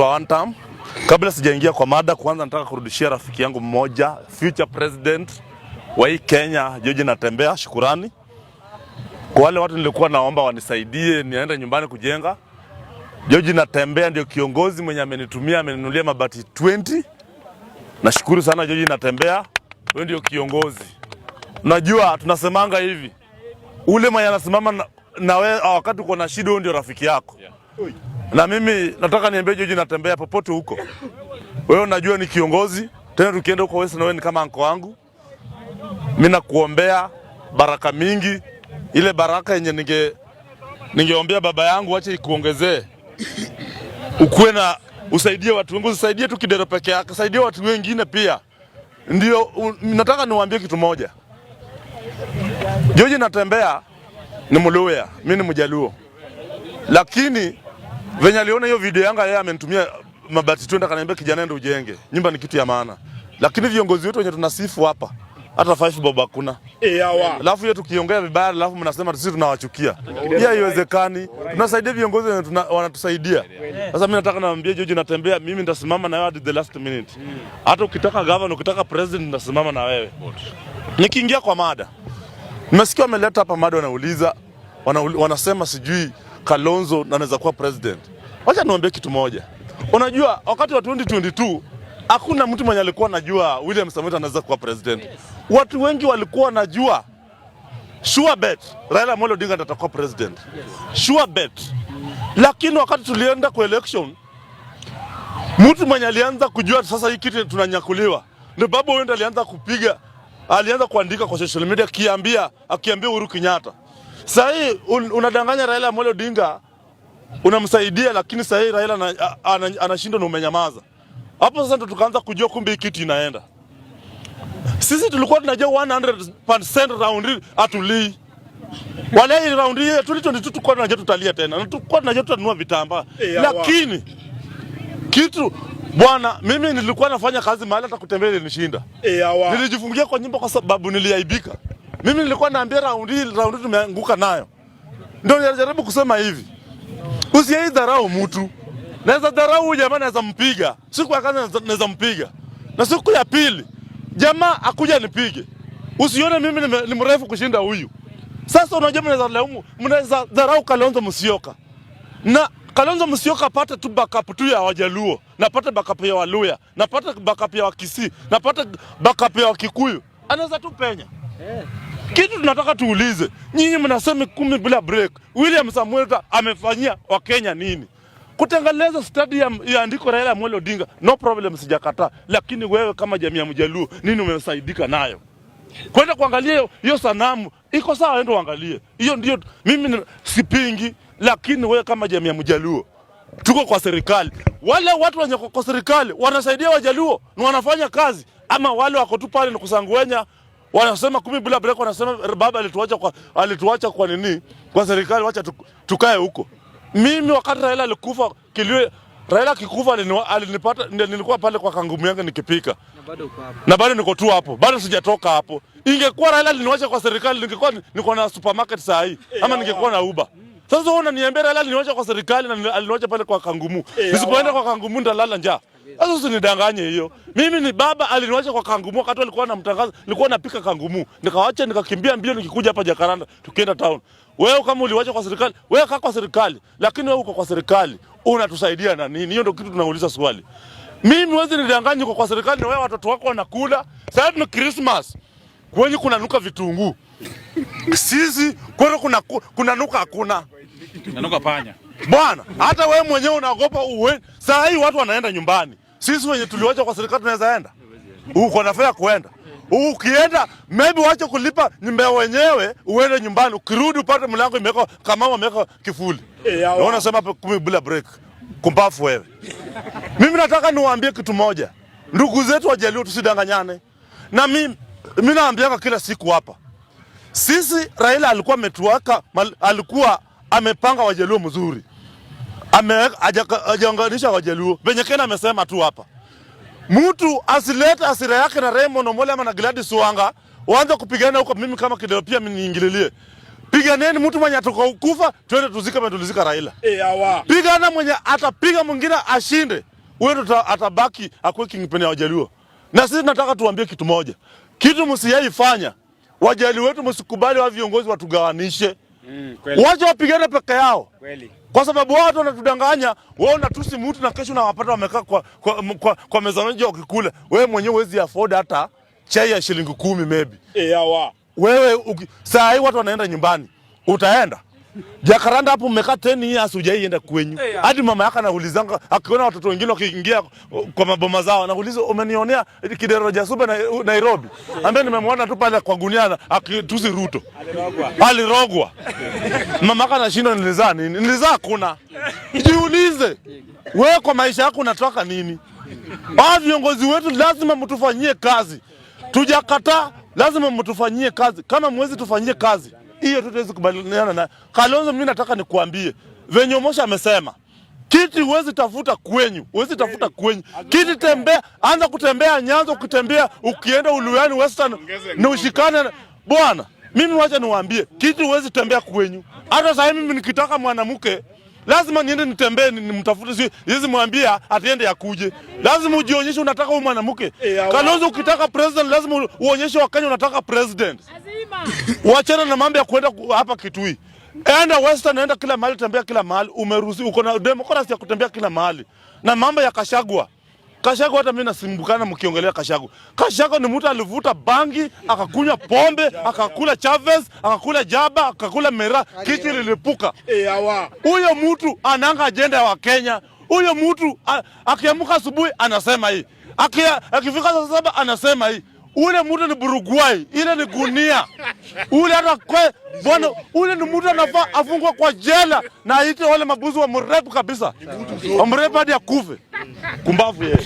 One term. Kabla sijaingia kwa mada, kwanza nataka kurudishia rafiki yangu mmoja future president wa hii Kenya George Natembea shukurani. Kwa wale watu nilikuwa naomba wanisaidie niende nyumbani kujenga. George Natembea ndio kiongozi mwenye amenitumia ameninulia mabati 20. Nashukuru sana George Natembea, wewe ndio kiongozi. Najua tunasemanga hivi. Ule mwenye anasimama na, na we, wakati uko na shida, huyo ndio rafiki yako. Yeah. Na mimi nataka niambie George, natembea popote huko, wewe unajua ni kiongozi tena, tukienda huko wewe ni kama anko wangu. Mimi nakuombea baraka mingi, ile baraka yenye ninge ningeombea baba yangu, wacha ikuongezee, ukuwe na usaidie watu wengi, usaidie tu Kidero peke yake, saidie watu wengine pia. Ndio nataka niwaambie kitu moja, Joji natembea ni Mluya, mimi ni Mjaluo, lakini Venye aliona hiyo video yanga yeye amenitumia mabati tu, akaniambia kijana, ende ujenge nyumba, ni kitu ya maana. Lakini viongozi wetu wenye tunasifu hapa hata five bob hakuna. Eh, alafu yeye tukiongea vibaya, alafu mnasema sisi tunawachukia. Hiyo haiwezekani. Tunasaidia viongozi wenye wanatusaidia. Sasa mimi nataka naambia Jojo, natembea mimi nitasimama na wewe hadi the last minute. Hata ukitaka governor, ukitaka president, nitasimama na wewe. Nikiingia kwa mada, nimesikia wameleta hapa mada, wanauliza wanasema sijui Kalonzo na anaweza kuwa president. Wacha niwaambie kitu moja, unajua wakati wa 2022 hakuna mtu mwenye alikuwa anajua William Samoei anaweza kuwa president. Watu wengi walikuwa wanajua sure bet Raila Amolo Odinga atakuwa president, sure bet. Lakini wakati tulienda kwa election, mtu mwenye alianza kujua sasa hii kitu tunanyakuliwa ni Babu Owendo alianza kupiga, alianza kuandika kwa social media akiambia akiambia Uhuru Kenyatta Saa hii un, unadanganya Raila Amolo Odinga unamsaidia, lakini saa hii Raila anashindwa na umenyamaza. Hapo sasa ndo tukaanza kujua kumbe hii kitu inaenda. Sisi tulikuwa tunajua 100% round atulii wale hii round hii tuli tulikuwa tunajua tutalia tena na tulikuwa tunajua tutanunua vitambaa hey, eh, lakini kitu bwana, mimi nilikuwa nafanya kazi mahali hata kutembea ilinishinda. Hey, eh, nilijifungia kwa nyumba kwa sababu niliaibika. Mimi nilikuwa naambia raundi raundi tumeanguka nayo. Ndio najaribu kusema hivi. Usiyei dharau mtu. Naweza dharau jamaa naweza mpiga. Siku ya kwanza naweza mpiga. Na siku ya pili jamaa akuja nipige. Usione mimi ni mrefu kushinda huyu. Sasa unajua mnaweza laumu, mnaweza dharau Kalonzo Musyoka. Na Kalonzo Musyoka apate tu backup tu ya Wajaluo, napate backup ya Waluya, napate backup ya Wakisii, napate backup ya Wakikuyu. Anaweza tu penya. Yeah. Kitu tunataka tuulize, nyinyi mnasema kumi bila break. William Samuel Ruto amefanyia Wakenya nini? Kutengeneza stadium ya andiko Raila Amolo Odinga, no problem, sijakataa, lakini wewe kama jamii ya Mjaluo nini umesaidika nayo? Kwenda kuangalia hiyo sanamu iko sawa, enda uangalie hiyo. Ndio mimi sipingi, lakini wewe kama jamii ya Mjaluo tuko kwa serikali. Wale watu wenye kwa serikali wanasaidia Wajaluo na wanafanya kazi, ama wale wako tu pale ni kusanguenya wanasema kumi bila break, wanasema baba alituacha kwa, alituacha kwa nini? Kwa serikali, wacha tukae huko. Mimi wakati Raila alikufa kilio Raila kikufa alinipata, nilikuwa pale kwa kangumu yangu nikipika, na bado niko tu hapo, bado sijatoka hapo. Ingekuwa Raila aliniwacha kwa serikali, ningekuwa niko na supermarket saa hii eh, ama ningekuwa na Uber. Sasa unaniambia Raila aliniwacha kwa serikali na aliniwacha pale kwa kangumu, eh, nisipoenda kwa kangumu ndalala njaa. Sasa usinidanganye hiyo. Mimi ni baba aliniwacha kwa kangumu wakati alikuwa anamtangaza, nilikuwa napika kangumu. Nikawaacha nikakimbia mbio nikikuja hapa Jakaranda tukienda town. Wewe kama uliwacha kwa serikali, wewe kaa kwa serikali, lakini wewe uko kwa serikali, unatusaidia na nini? Hiyo ndio kitu tunauliza swali. Mimi wezi nidanganye kwa, kwa serikali na wewe watoto wako wanakula. Sasa ni Christmas. Kwenye kuna nuka vitunguu. Sisi kwetu kuna kuna nuka hakuna. Kunanuka panya. Bwana, hata wewe mwenyewe unaogopa uwe. Saa hii watu wanaenda nyumbani. Sisi wenye tuliwacha kwa serikali tunaweza enda huko, na kuenda ukienda maybe wache kulipa nyumba wenyewe, uende nyumbani, ukirudi upate mlango imeko kama umeko kifuli, eh, na unasema kumi bila break. Kumbafu wewe. Mimi nataka niwaambie kitu moja, ndugu zetu wajaliwa, tusidanganyane. Na mimi mimi naambiaka kila siku hapa, sisi Raila alikuwa ametuaka, alikuwa amepanga wajaliwa mzuri hajaunganisha Wajaluo venye Kena amesema tu hapa, mtu asilete asira yake na Raymond Omolo ama na Gladys Wanga waanze kupigana huko. Mimi kama kidero pia niingililie Piganeni mtu mwenye atakufa, twende tuzika mwenye tulizika Raila. Eh, Pigana mwenye atapiga mwingine ashinde, wewe ndo atabaki akuwe kingpin ya Wajaluo. Na sisi tunataka tuambie kitu moja, kitu msiyaifanya Wajaluo wetu, msikubali wa viongozi watugawanishe. Mm, wacha wapigane peke yao kweli kwa sababu watu wanatudanganya, wao unatusi mtu na kesho nawapata wamekaa kwa, kwa, kwa, kwa meza moja wakikula. Wewe mwenyewe huwezi afford hata chai ya shilingi kumi maybe. Eh, hawa. Wewe saa hii watu wanaenda nyumbani, utaenda Jakaranda hapo teni hii years hujaienda kwenyu. Eh, Hadi mama yako anaulizanga akiona watoto wengine wakiingia kwa maboma zao anauliza umenionea kidero cha sube na Nairobi. Ambaye nimemwona tu pale kwa gunia akitusi Ruto. Alirogwa. Mama yako anashindwa nilizaa nini? Nilizaa kuna. Jiulize. Wewe kwa maisha yako unatoka nini? Hao viongozi wetu lazima mtufanyie kazi. Tujakataa, lazima mtufanyie kazi. Kama mwezi tufanyie kazi hiyo tuwezi kubaliana na Kalonzo. Mimi nataka nikuambie venye Omosha amesema kiti huwezi tafuta kwenyu, huwezi tafuta kwenyu kiti. Tembea, anza kutembea Nyanza, ukitembea ukienda Uluani Western ni ushikane bwana. Mimi wacha niwaambie kiti huwezi tembea kwenyu. Hata sasa mimi nikitaka mwanamke lazima niende nitembee, nimtafute, si hizi mwambia atiende yakuje. Lazima ujionyeshe unataka huyu mwanamke eh, Kalonzo. Ukitaka president, lazima uonyeshe Wakenya unataka president. Wachana na mambo ya kuenda hapa Kitui, enda Western, enda kila mahali, tembea kila mahali. umeruhusi, uko na demokrasia ya kutembea kila mahali, na mambo ya kashagwa Kashago hata mimi nasimbukana mkiongelea Kashago. Kashago ni mtu alivuta bangi, akakunywa pombe, akakula Chavez, akakula Jaba, akakula Mera, kiti lilipuka. Eh, Huyo mtu ananga ajenda ya kenya Huyo mtu akiamuka asubuhi anasema hii. Akifika saa saba anasema hii. Ule mtu ni burugwai, ile ni gunia. Ule hata kwa bwana, ule ni mtu anafaa afungwa kwa jela na aite wale mabuzi wa mrepu kabisa. wamrepu hadi akufe. Kumbavu yeye.